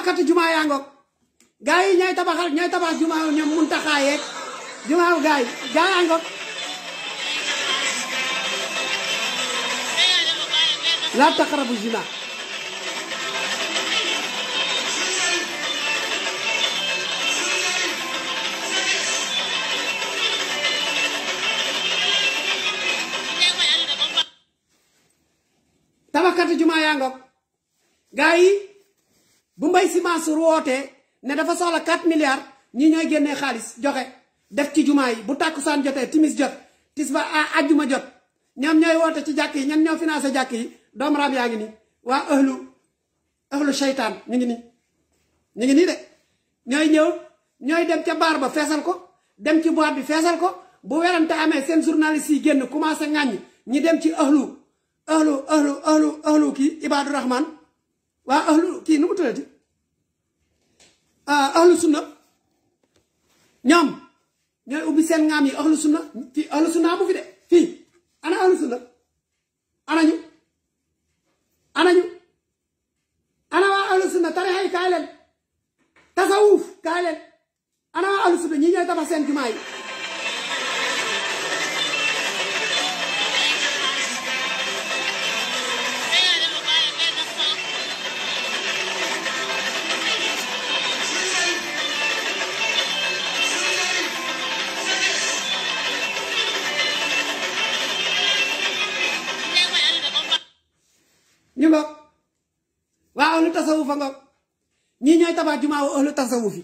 Kata juma ya ngoog nyai yi ñooy tabaxal ñooy tabax juma ñoom mun taxaayeeg juma gay gaa yi la yaa juma tabaxkatu juma bu mbay Sy Mansour wootee ne dafa soxla 4 milliards ñi ñoy génnee xaaliss joxé def ci jumaa yi bu takusan joté timis jot tisba a ajjuma jot ñam ñoy wote ci jakk yi ñan ñoo financé jakk yi dom raam yaangi ni wa ahlu ahlu shaytan ñi ngi ni ñi ngi ni dé ñoy ñew ñoy dem ci barba ba ko dem ci boîte bi feesal ko bu wéranté amé sen journaliste yi génn commencé ŋàññ ñi dem ci Ahlu Ahlu Ahlu ahlu ahlu ki ibadur Rahman waa ahlu kii nu mu tuddati ah, ahlu sunna ñoom ñooy ubbi seen ngaam yi ahlu sunna fii ahlu sunna amu fi de fii ana ahlu sunna anañu anañu ana waa ahlu sunna tarixa yi kaay leen tasawuf kaay ana waa ahlu sunna ñi ñooy tabax seen jumaa yi tasawufa nga ñii ñooy tabax jumaa wa ahlu tasawuf yi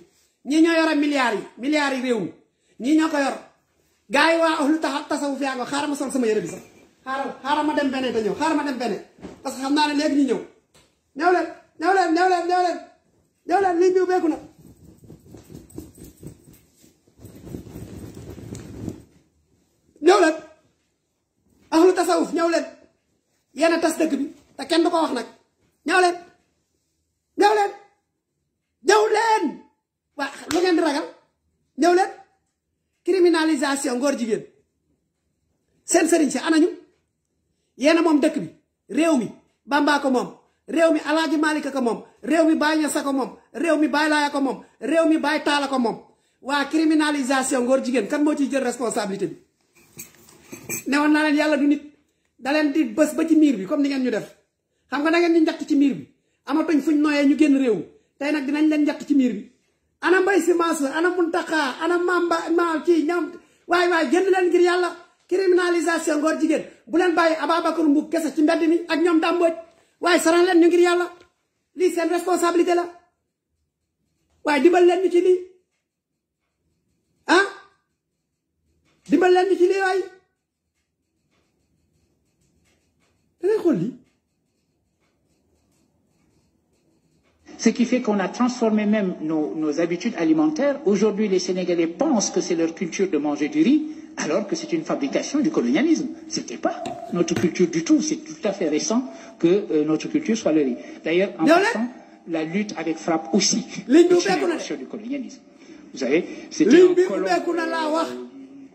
ñii ñoo yore milliards yi milliards réew mi ñii ñoo ko yor gars yi waa ahlu taxa tasawuf yaa nga xaaral sol sama yére bi sax xaaral xaaral ma ñëw xaaral ma dem parce que xam naa ne léegi ñu ñëw ñëw leen ñëw leen ñëw leen ñëw na ñëw leen tasawuf ñëw leen tas dëkk bi te kenn du ko wax nag ñëw ñëw leen ñëw waa lu ngeen di ragal ñëw criminalisation ngor jigéen seen sëriñ si anañu yéena moom dëkk bi réew mi bamba ko moom réew mi alaaji maalika ko moom réew mi baay ñasa ko moom réew mi baay laaya ko moom réew mi baay taala ko moom waa criminalisation ngor jigéen kan moo ciy jël responsabilité bi newoon naa leen yàlla du nit da leen di bës ba ci miir bi comme ni ngeen ñu def xam nga na ngeen ñu njatt ci miir bi amatuñ fuñ noyé ñu génn réew tay nak dinañ leen ñak ci mir bi ana mbay semence ana muntaka ana mamba ma ci ñam way way génn leen ngir yalla criminalisation ngor jigen bu leen baye ababakar mbuk kessa ci mbedd mi ak ñom damboj way saran leen ñu ngir yalla li seen responsabilité la way dibal leen ci li ah dibal leen ci li way da nga xol li Ce qui fait qu'on a transformé même nos, habitudes alimentaires. Aujourd'hui, les Sénégalais pensent que c'est leur culture de manger du riz, alors que c'est une fabrication du colonialisme. Ce n'était pas notre culture du tout. C'est tout à fait récent que euh, notre culture soit le riz. D'ailleurs, en passant, la lutte avec frappe aussi. C'est du colonialisme. Vous savez, c'était un colon...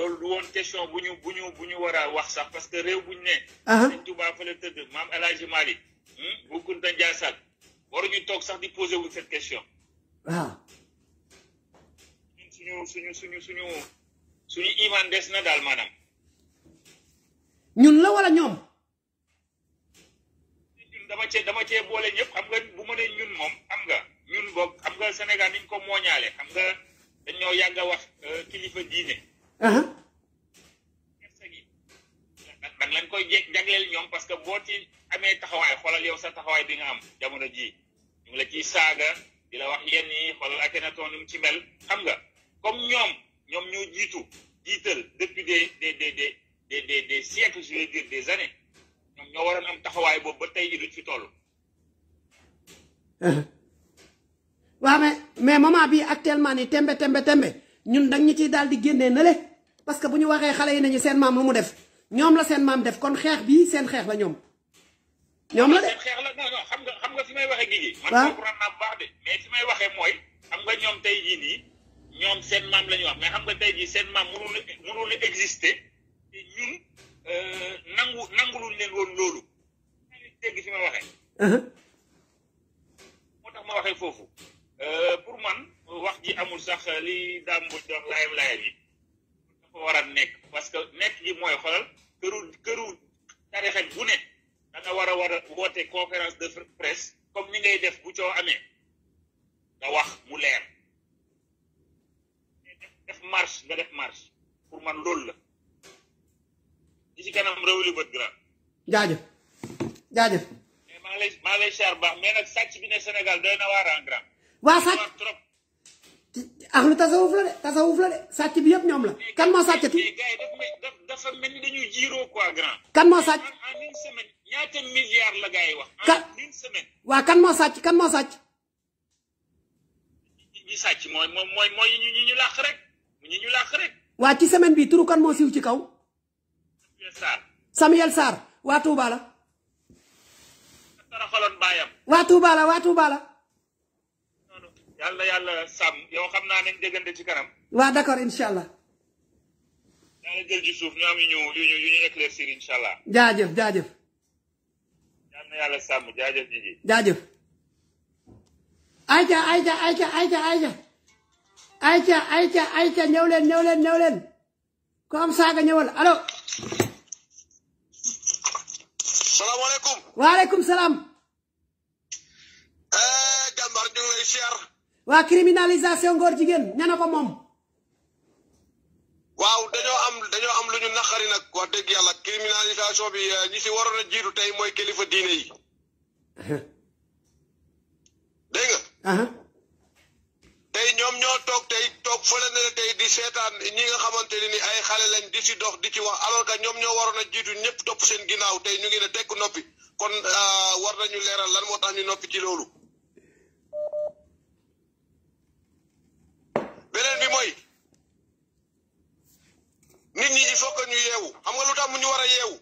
loolu du woon question bu ñu bu ñu bu ñu war a wax sax parce que réew buñ ñu ne. Ah. Sëñ Touba fa la tëdd maam El Hadj Malick. Hmm, bu Kunta Ndiassane waruñu toog sax di poser wu cette question. waaw. Ah. suñu suñu suñu suñu suñu iman des na daal maanaam. ñun la wala ñoom. dama cee dama cee boole ñëpp xam nga bu ma ne ñun moom xam nga ñun boog xam nga Sénégal niñ ko mooñaale xam nga dañoo yàgg a wax euh, kilifa diine. kersa gi dang leen koy jagleel ñoom parce que boo ci amee taxawaay xoolal yow sa taxawaay bi nga am jamono ji ñu ngi la ciy saaga di la wax yenn yi xoolal ak na toon ci mel xam nga comme ñoom ñoom ñoo jiitu jiital depuis des des des des des des siècles je veux dire des années ñoom ñoo waroon am taxawaay boobu ba tey ji ci fi toll waaw mais mais moment bi actuellement ni tembe tembe tembe ñun dang ñu ciy daal di génnee na le parce que buñu waxé xalé yi nañu seen mam lu mu def ñom la seen mam def kon xex bi seen xex la ñom ñom la def xex la non non xam nga xam nga simay waxé waxee nit man ko naa bu baax de mais simay waxé moy xam nga ñom tay ji ni ñom seen mam lañu wax mais xam nga tay ji seen mam mënul a mënul a exister te ñun euh, nangu nanguluñ leen woon lolu dégg fi may waxé uh-huh. moo motax ma fofu euh pour man wax ji amul sax euh, li daam bu doon laayam dafa war a nekk parce que nekk gi mooy xoolal këru këru tarixa bu ne da nga war a war a woote conférence de presse comme ni ngay def bu coo amee nga wax mu leer def marche nga def marche pour man loolu la i ci kanam réwli bët grand jaajëf jaajëf mais maa lay maa lay mais sàcc ne Sénégal doy na waar grand waa axlu tasawuf la de tasawuf la de sàcc bi yëpp ñoom la kan moo sàccati. dafa kan moo sàcc en yi wax. en une semaine. kan moo sàcc kan moo sàcc. ñi sàcc mooy mooy mooy ñu ñu làq rek waa ci semaine bi turu kan moo siiw ci kaw. Samuel Sarr. Samuel Sarr waa Touba la. waa yàlla yàlla sàmm yow xam naa nañ déggante ci kanam. waaw d'accord incha allah. daanaka jël ci suuf ñu am yu ñu yu ñu yu ñu éclaircir incha allah. jaajëf jaajëf. yal na yàlla sàmm jaajëf ñi ji. jaajëf. ayca ayca ayca ayca ayca. ayca ayca ayca ñëw leen ñëw leen ñëw leen. ku am saaga ñëwal allo. salaamaaleykum. waaleykum salaam. Eh, jàmbaar ñu ngi lay siyaar. waa criminalisation ngóor jigéen ñana ko moom. waaw dañoo am dañoo am lu ñu naqari nag wax dëgg yàlla criminalisation bi eh, ñi si waroon a jiitu tey mooy kilifa diine yi. dégg uh-huh. tey ñoom ñoo toog tey toog fële na tey di seetaan ñi nga xamante ne ni ay xale lañ di si dox di ci wax alors que ñoom ñoo waroon a jiitu ñëpp topp seen ginnaaw tey ñu ngi ne tekk noppi kon euh, war nañu leeral lan moo tax ñu noppi ci loolu. nit ñi il faut que ñu yeewu xam nga lu tax mu ñu war a yeewu.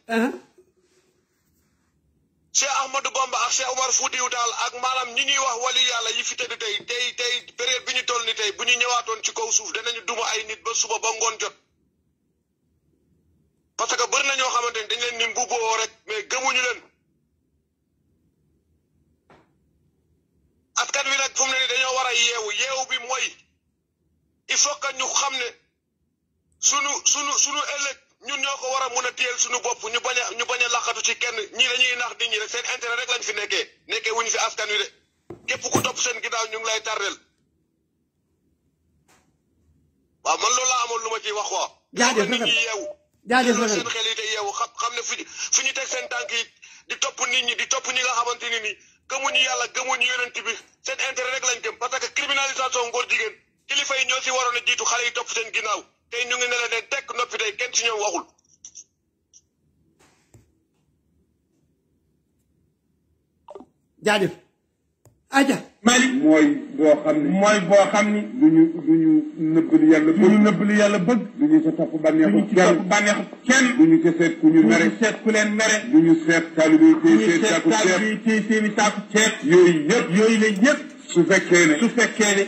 Cheikh Ahmadou Bamba ak Cheikh Omar Foutiou daal ak maanaam ñi ñuy wax wali yàlla yi fi tey tey tey période bi ñu toll ni tey bu ñu ñëwaatoon ci kaw suuf danañu duma ay nit ba suba ba ngoon jot. parce que bëri na ñoo xamante dañ leen ni mbubboo mais gëmuñu leen. askan wi nag fu ne nii dañoo war a yeewu yeewu bi mooy il faut que ñu xam ne. sunu sunu sunu ëllëg ñun ñoo ko war a mun a téyel suñu bopp ñu bañ a ñu bañ a laqatu ci kenn ñii lañuy nax nit ñi rek seen intérêt rek lañ fi nekkee nekkee wuñ fi askan wi de képp ko topp seen ginnaaw ñu ngi lay tardel waaw man loolu laa amoon lu ma ciy wax quoi. jaajëf nit ñi yeewu. jaajëf nag seen xel yi day yeewu xam xam ne fu ñu fu ñu teg seen tànk yi di topp nit ñi di topp ñi nga xamante ni nii gëmuñu yàlla gëmuñu yonent bi seen intérêt rek lañ gëm parce que criminalisation ngóor jigéen kilifa yi ñoo si waroon a jiitu xale yi topp seen ginnaaw tey ñu ngi ne la ne tekk noppi tey kenn ci ñoom waxul. jaajëf. aja Malick mooy boo xam ne mooy boo xam ni. du ñu du ñu nëbb lu yàlla bëgg. du ñu nëbb lu yàlla bëgg. du ñu ca topp bànneexu kenn du ñu ca topp bànneexu kenn. du ñu ca seet ku ñu mere. seet ku leen mere. du ñu seet taalibe tey tey seen saaku ceeb. yooyu yëpp yooyu la yëpp. su fekkee ne su fekkee ne.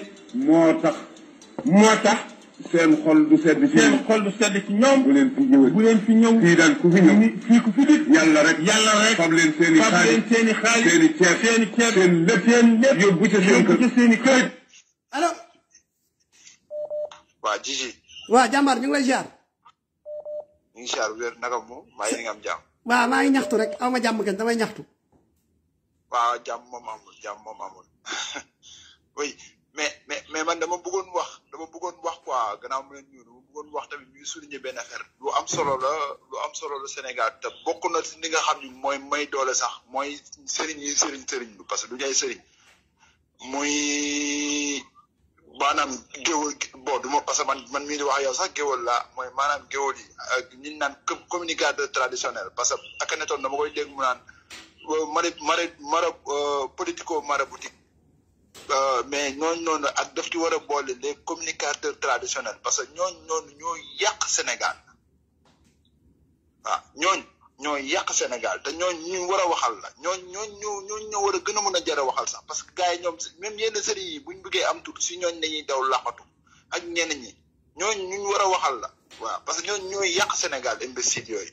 moo tax moo tax. seen xol du sedd seen xol du sedd ci ñoom. bu leen fi ñëwee bu leen ku fi ñëw fii ku fi dikk. yàlla rek yàlla rek. fab leen seen i xaalis fab leen seen i xaalis. seen i ceeb lépp seen i kër. allo. waa Jiji. waa jàmbaar ñu ngi lay ziar. ñu ngi ziar wér naka moom maa am jàmm. waaw ñaxtu rek ama ma jàmm kenn damay ñaxtu. waaw jàmm moom amul jàmm moom amul mais mais mais man dama bëggoon wax dama bëggoon wax quoi gannaaw mu leen ñëw dama bëggoon wax tamit ñuy souligner benn affaire lu am solo la lu am solo la Sénégal te bokk na ci li nga xam ni mooy may doole sax mooy sëriñ yi sëriñ sëriñ bi parce que du ñay sëriñ muy maanaam géwal bon du ma parce que man man mii di wax yow sax géwal laa mooy maanaam géwal yi ak ñi naan communicateur traditionnel parce que ak a netoon dama koy dégg mu naan mara mara euh, politico maraboutique Euh, mais ñooñu noonu ak daf ci war a boole les communicateur traditionnels parce que ñooñu noonu ñoo yàq Sénégal waaw ah, ñooñ ñoo yàq Sénégal te ñooñ ñu war a waxal la ñooñ ñooñ ñoo ñooñ ñoo war a gën a mën a jar a waxal sax parce que gars yi ñoom même yenn sëriñ yi buñ bëggee am tur si ñooñ dañuy daw làqatu ak ñenn ñi ñooñ ñu war a waxal la waaw parce que ñooñ ñooy yàq Sénégal imbécile yooyu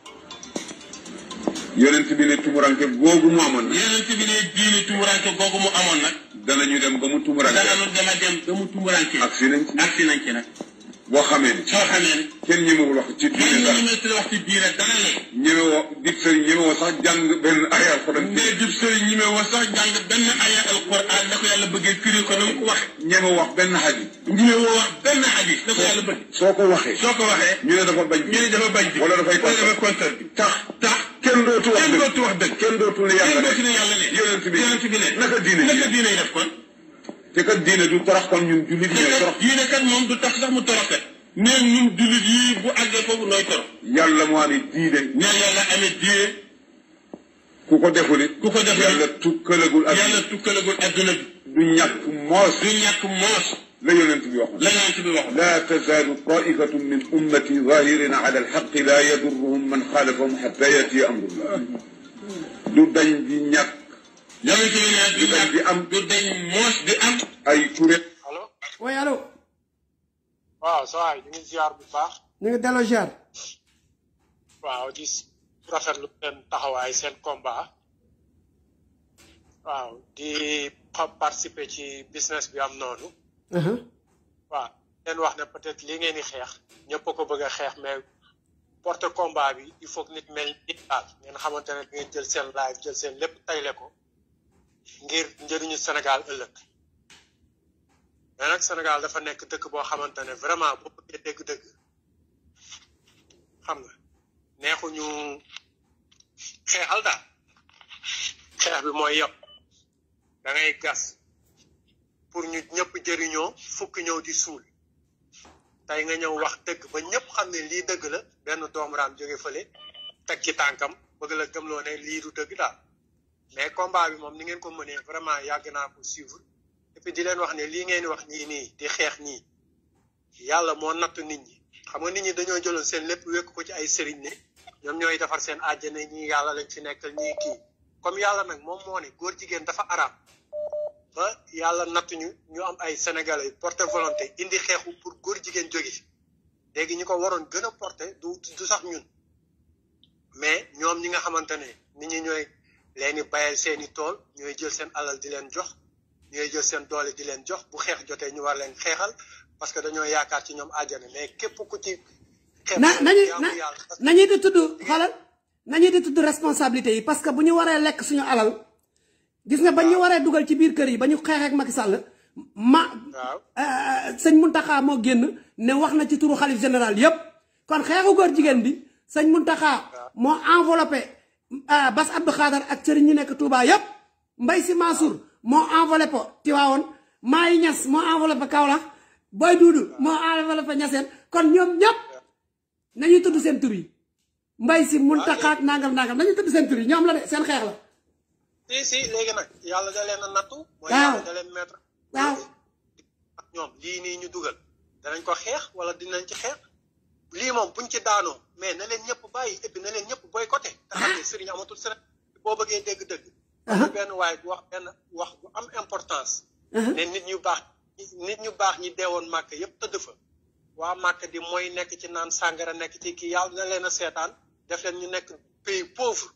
yonent bi ne tumuranke googu mu amoon nag. yonent bi ne diine tumuranke googu mu amoon nag. danañu dem ba mu tumuranke. danañu dem a dem ba mu tumuranke. ak si nañ ci ak si nañ ci nag. boo xamee ni. soo xamee ni. kenn ñemewul wax ci diine dara. kenn ñemewul wax ci diine dara le. ñemewoo dib sëriñ ñemewoo sax jàng benn aya alquran. mais dib sëriñ ñemewoo sax jàng benn aya alquran na ko yàlla bëggee firi ko na mu ko wax. ñemewoo wax benn hadis. ñemewoo wax benn hadis. na ko yàlla bëgg. soo ko waxee. soo ko waxee. ñu ne dafa bañ. ñu ne dafa bañ. wala dafay kontaan wala dafay kontaan bi tax tax. kenn dootu wax dëgg kenn dootu wax dëgg kenn dootu ne yàlla ne yonent bi yonent bi ne naka diine naka diine yi def kon te kat diine du torox kon ñun jullit ñooy torox diine kat moom du tax sax mu toroxee neen ñun jullit yi bu àggee foofu nooy torox yàlla moo amee diine neen yàlla amee diine ku ko deful it ku ko deful yàlla tukkalagul ak yàlla tukkalagul adduna bi du ñàkk moos du ñàkk moos la yonent bi waxoon la yonent bi waxoon laa tazaalu taifatun min ummati zahirina ala alxaqi laa du dañ di du dañ di di am ay kuréel allo oui allo waaw sa ngi ziar bu baax ñu ngi delloo ziar di rafetlu seen taxawaay seen combat waaw di participer ci business bi am noonu Uh-huh. waaw leen wax na peut-être li ngeen di xeex ñëpp a ko bëgg a xeex mais porte combat bi il faut que nit mel ni daal ngeen xamante ne ngeen jël seen live jël seen lépp tayle ko ngir njëriñu Sénégal ëllëg mais Sénégal dafa nekk dëkk boo xamante ne vraiment boo bëggee dëgg-dëgg xam nga neexuñu xeexal daal xeex bi mooy yëpp da gas. pour ñu ñëpp jëriñoo fukk ñëw di suul tey nga ñëw wax dëgg ba ñëpp xam ne lii dëgg la benn doom raam jóge fële teg ci tànkam bëgg la gëmloo ne lii du dëgg daal mais combat bi moom ni ngeen ko mënee vraiment yàgg naa ko suivre et puis di leen wax ne lii ngeen wax nii nii di xeex nii yàlla moo nattu nit ñi xam nga nit ñi dañoo jëloon seen lépp wékk ko ci ay sëriñ ne ñoom ñooy defar seen àjjana ñii yàlla lañ ci nekkal ñii kii comme yàlla nag moom moo ne góor jigéen dafa araam ba yàlla nattuñu ñu am ay sénégalais yu porté volonté indi xeexu pour góor jigéen jóge fi léegi ñu ko waroon gën a porté du du sax ñun mais ñoom ñi nga xamante ne nit ñi ñooy leen di bayal seen i tool ñooy jël seen alal di leen jox ñooy jël seen doole di leen jox bu xeex jotee ñu war leen xeexal parce que dañoo yaakaar ci ñoom àjjana mais képp ku ci. xeex nañu nañu di tudd xoolal nañu di tudd responsabilité yi parce que bu ñu waree lekk suñu alal. gis nga ba ñu waree dugal ci biir kër yi bañu xex ak Macky Sall ma eh, eh, sëñ Muntaxa moo génn ne wax na ci turu khalif général yépp kon xexu gor jigen bi angola pe, moo eh, Bas Abdou Khadar ak sëriñ ñu nekk Touba yépp Mbaye Si Mansour mo enveloppé Tiwaone Maay Niass mo enveloppé Kaola Boy Doudou mo enveloppé Niassène kon ñom ñop nañu tuddu seen tour yi Mbaye Si Muntaxa nangal nangal nañu tuddu seen tour yi ñom la dé seen xex la si si léegi nag yàlla da leen a nattu. mooy yàlla da leen mettre. waaw ñoom lii nii ñu dugal. danañ ko xeex wala dinañ ci xeex. lii moom buñ ci daanoo mais na leen ñëpp bàyyi et na leen ñëpp boycotté. Ah. te xam ne amatul sëriñ boo bëggee dégg-dëgg. Ah. am waaye bu wax benn wax bu am importance. Ah. nit ñu baax nit ñu baax ñi deewoon màkk yëpp tëdd fa. waa màkk di mooy nekk ci naan sàngara nekk ci kii yàlla na leen a seetaan def leen ñu nekk pays pauvre.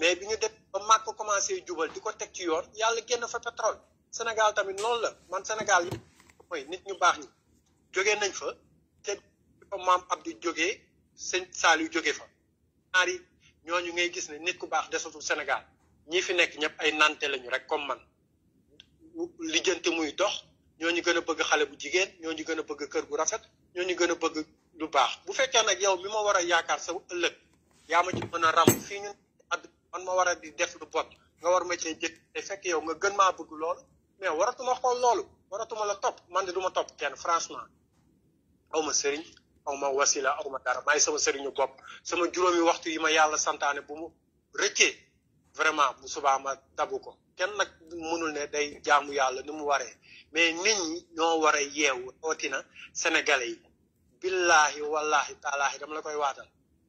mais bi ñu def ba màkk commencé jubal di ko teg ci yoon yàlla génn fa pétrole Sénégal tamit loolu la man Sénégal yi mooy nit ñu baax ñi jógee nañ fa te fa maam Abdou jógee sëñ Saliou jógee fa ñaari ñooñu ngay gis ne nit ku baax desatul Sénégal ñi fi nekk ñëpp ay nante lañu rek comme man lijjante muy dox ñoo ñu gën a bëgg xale bu jigéen ñoo ñooñu gën a bëgg kër bu rafet ñoo ñu gën a bëgg lu baax bu fekkee nag yow mi ma war a yaakaar sa ëllëg yaa ma ci mën a ram fii ñun man ma wara di def lu bot nga war ma cey jek te fekk yow nga gën ma bëgg lool mais waratuma xool loolu waratuma la top man de duma top kenn franchement aw ma sëriñ aw ma wasila aw ma dara may sama serigne bop sama juróomi waxtu yi ma yàlla santaane bu mu rëccee vraiment bu suba ma dabu ko kenn nak mënul ne day jaamu yalla ni mu waré mais nit ñi ño yew otina sénégalais billahi wallahi taala dama la koy watal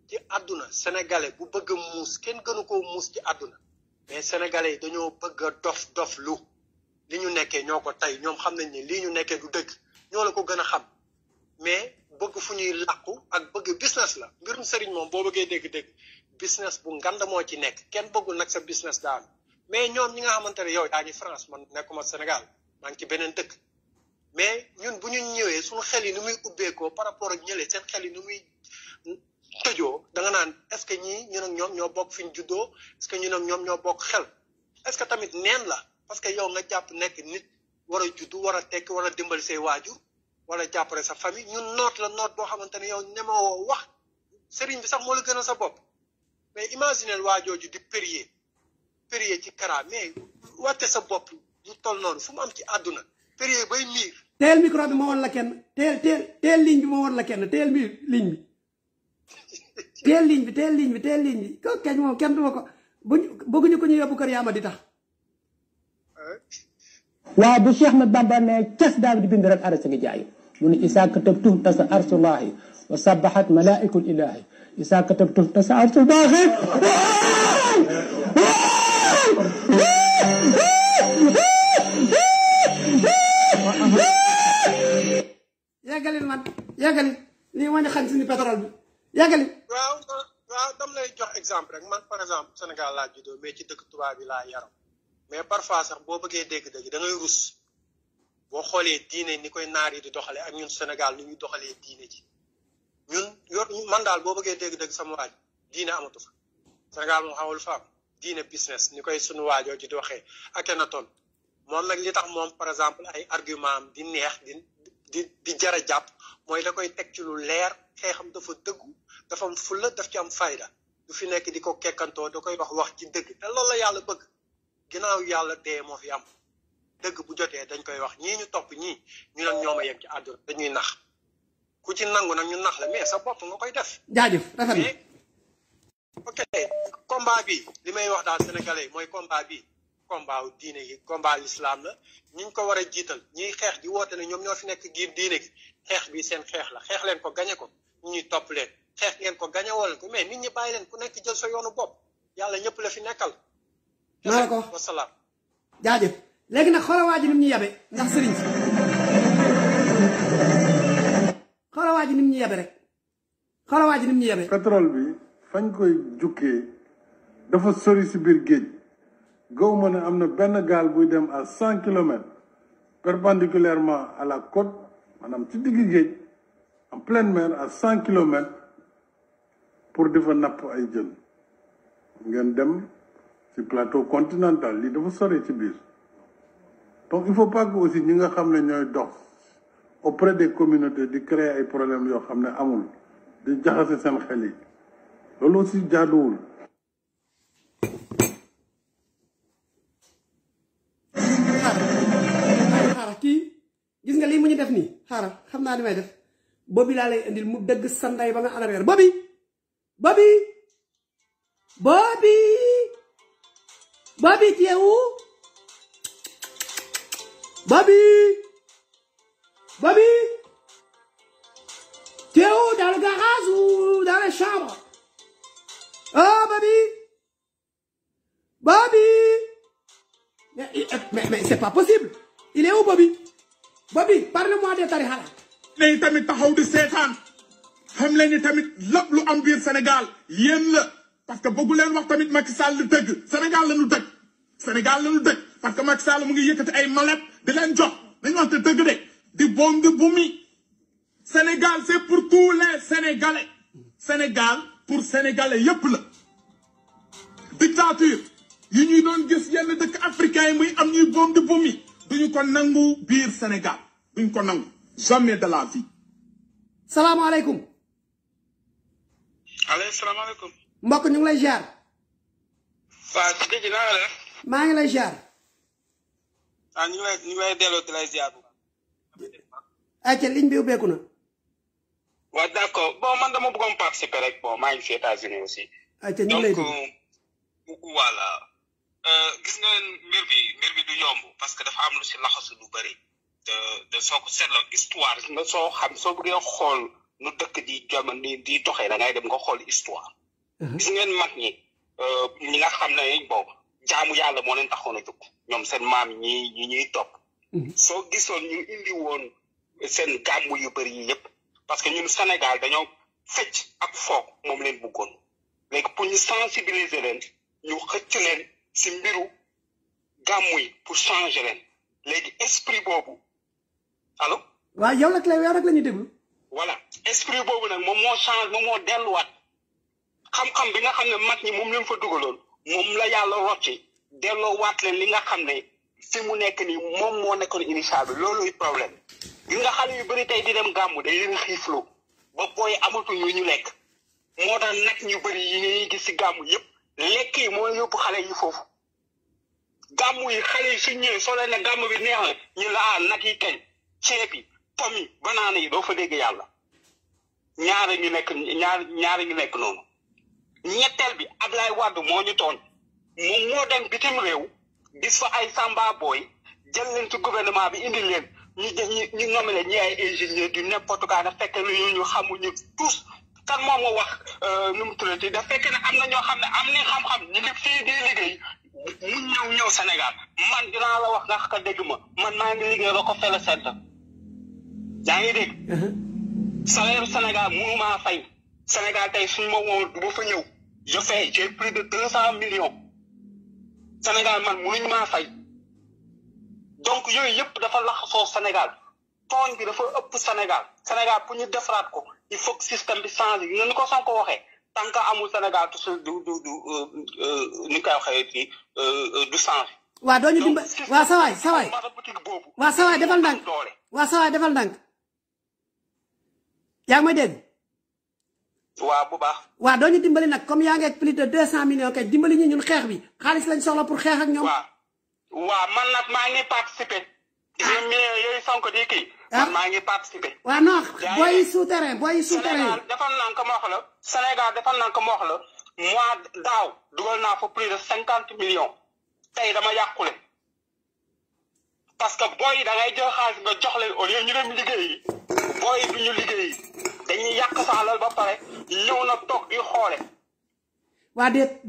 ci aduna sénégalais bu bëgg a muus kenn gënu ko muus ci aduna mais sénégalais yi dañoo bëgg dof dof lu li ñu nekkee ñoo ko tey ñoom xam nañ ne li ñu nekkee du dëgg ñoo la ko gën a xam mais bëgg fu ñuy làqu ak bëgg business la mbirum sëriñ moom boo bëggee dégg-dégg business bu ngand moo ci nekk kenn bëggul nag sa business daal mais ñoom ñi nga xamante ne yow yaa ngi France man nekkuma Sénégal maa ngi ci beneen dëkk mais ñun bu ñu ñëwee suñu xel yi nu muy ubbeekoo par rapport ak ñële seen xel yi nu muy tejo da nga nan est ce ñi ñii ñun ak ñoom ñoo bok fiñ ñu est ce que ñun ak ñoom ñoo bok xel est ce tamit neen la parce que yow nga japp nek nit wara a juddu war a tekki war a dimbali say waajur wala jàppale sa famille ñun note la note bo xamante yow yow wo wax serigne bi sax mo la gëna sa bop mais imaginer waju ju di prier prier ci kara mais wàtte sa bop du tol non fu mu am ci aduna prier bay mir. tel micro bi mo won la kenn tel tel tel ligne bi mo won la kenn tel mi ligne bi teel ligne bi teel ligne bi teel ligne bi ko kañ moom kenn du ko buñu bëgguñu ko ñu yóbbu kër yaama di tax eh? waaye bu Cheikh Ahmad Bamba ne cas daaw di bind rek arasa gi jaayi mu ne isaa katabtum tasa arsullahi wa sabahat malaikul ilahi isaa katabtum tasa arsullahi yeggali man yeggali lii moo ñu xañ suñu bi yàggali. waaw waaw dam lay jox exemple rek man par exemple Sénégal laa juddoo mais ci dëkk tubaab yi laa yaram mais parfois sax boo bëggee dégg-dégg da ngay rus boo xoolee diine ni koy naar yi di doxalee ak ñun Sénégal lu ñuy doxalee diine ji ñun yor man daal boo bëggee dégg-dégg sama waaj diine amatu fa Sénégal moom xamul fa am diine business ni koy suñu waajoo ji di waxee ak na ton moom nag li tax moom par exemple ay argument am di neex di di di jar a jàpp mooy da koy teg ci leer xeexam dafa dëggu. dafa am fulla daf ci am fayda du fi nekk di ko kekkantoo da koy dox wax ci dëgg te loolu la yàlla bëgg ginnaaw yàlla dee moo fi am dëgg bu jotee dañ koy wax ñii ñu topp ñii ñu nag ñooma yem ci àdduna dañuy nax ku ci nangu nag ñu nax la mais sa bopp nga koy def jaajëf rafet na ok combat li may wax daal sénégalais mooy combat bi combat diine gi combat lislaam la ñi ñu ko war a jiital ñiy xeex di woote ne ñoom ñoo fi nekk giir diine gi xeex bi seen xeex la xeex leen ko gañe ko ñu ñuy topp leen xeex ngeen ko gañe woo leen ko mais nit ñi bàyyi leen ku nekk jël sa yoonu bopp yàlla ñëpp la fi nekkal. maa la ko wasalaam. jaajëf léegi nag xoolal waa ji nim ñu yabe ndax sëriñ si xoolal waa ji nim ñu yabe rek xoolal waa ji nim ñu yabe. pétrole bi fañ koy jukkee dafa sori si biir géej gaw ma ne am na benn gaal buy dem à cent kilomètres perpendiculairement à la côte maanaam ci digg géej en pleine mer à cent kilomètres. pour di fa napp ay jën ngeen dem ci plateau continental li dafa sore ci biir donc il faut pas que aussi ñi nga xam ne ñooy dox auprès des communautés di créer ay problèmes yo xam amul di jaxase sen xel yi loolu aussi jaaduwul. gis nga li mu ñu def ni xara xam naa li may def boobi laa lay indil mu dëgg sanday ba nga ana reer boobi Bobby Bobby Bobby, tu es où Bobby Bobby Tu es où Dans le garage ou dans la chambre Oh, Bobby Bobby euh, Mais, c'est pas possible Il est où, Bobby Bobby, parle-moi de Mais il t'a mis ta de xam leen ni tamit lépp lu am biir Sénégal yéen la parce que bëggu leen wax tamit Macky Sall lu dëgg Sénégal la ñu dëgg Sénégal la ñu dëgg parce que Macky Sall mu ngi yëkkati ay malet di leen jox dañu wax te dëgg de di boom di bumi Sénégal c'est pour tous les Sénégalais Sénégal pour Sénégalais yépp la dictature yi ñuy doon gis yenn dëkk africain yi muy am ñuy boom di bumi duñu ko nangu biir Sénégal duñu ko nangu jamais de la vie salaamaaleykum allo salaamaaleykum. mbokk ñu ngi lay jaar. waaw si géej gi la. maa ngi lay jaar. ah ñu lay ñu lay lay ligne bi na. bon man dama participer rek bon ngi États-Unis aussi. ñu lay donc euh, voilà. Euh, gis mbir bi mbir bi du yomb parce que dafa am lu laxasu lu histoire nga xam nu tëkk di jamono di doxee da ngay dem nga xool histoire. Mhm. gis ngeen mag ñi euh, ñi nga xam na ne boobu jaamu yàlla moo leen taxoon a jóg ñoom seen maam ñi ñi ñuy topp. Mhm. soo gisoon ñu indi seen gàmmu yu bëri yi yëpp parce que ñun Sénégal dañoo fecc ak foog moom leen bëggoon léegi pour ñu sensibiliser leen ñu xëcc leen si mbiru gàmmu yi pour changer leen léegi esprit boobu allo. waaw yow nag la yow rek la ñuy voilà esprit boobu nag moom moo change moom moo delluwaat xam-xam bi nga xam ne mag ñi moom lañ fa dugaloon moom la yàlla rocci delloowaat leen li nga xam ne fi mu nekk nii moom moo nekkoon initial bi looluy problème gi nga xale yu bëri tey di dem gàmmu day leen xiifloo ba booy amatuñ lu ñu lekk moo tax nag ñu bëri yi ngay gis si gàmmu yëpp lekk yi moo yóbbu xale yi foofu gàmmu yi xale yi suñ ñëwee soo leen ne gàmmu bi neex na ñu la ah nag yi kañ yi pomi banaana yi doo fa dégg yàlla ñaari ñu nekk ñaar ñaari ñu nekk noonu ñetteel bi Ablaye Wade moo ñu tooñ moom moo dem bitim réew gis fa ay samba booy jël leen ci gouvernement bi indi leen ñu ñu ñu nommé leen ñi ay ingénieur du n'importe quoi daf fekk ne ñu xamuñu tous kan moom moo euh, nu mu tuddati daf fekk ne am na ñoo ñëw ñëw Sénégal man dinaa la wax nga xa dégg ma man maa ngi liggéey Rockefeller Center yaa ngi dégg. salaire Sénégal mënu maa fay. Sénégal tey suñ ma woo du ma fa ñëw. je fais j'ai plus de deux cent millions. Sénégal man mënuñu maa fay. donc yooyu yëpp dafa laxasoo Sénégal. tooñ bi dafa ëpp Sénégal. Sénégal pour ñu defaraat ko. il faut que système bi changé ñu ko Sonko waxee. tant que amul Sénégal toujours du du du euh, euh, ni koy waxee fii euh, du changé. waaw doo ñu dimbali waaw sa waay sa waay. waaw sa waay defal ndànk waaw sa defal ndànk. yaa ma may dégg. bu baax. waa doo ñu dimbali nag comme yaa ngi ak plus de 200 millions kay dimbali ñu ñun xeex bi xaalis lañ soxla pour xeex ak ñoom. waaw man nag maa ngi participer. yooyu yooyu Sonko di kii. Ah. maa ngi participer. waaw non booy souterrain booy defan Sénégal defal ko ma wax la. Sénégal defal naa ko wax la. mois daaw dugal naa fa plus de 50 millions. tey dama yàqule. parce que booy yi da ngay jël xaalis nga jox leen au lieu ñu dem liggéeyi booy yi ñu liggéey dañuy yàq sa alal ba pare ñëw na toog di xoole. waa déet